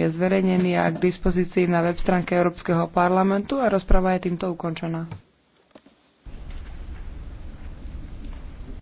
je zverejnený a k dispozícii na web stránke Európskeho parlamentu a rozprava je týmto ukončená.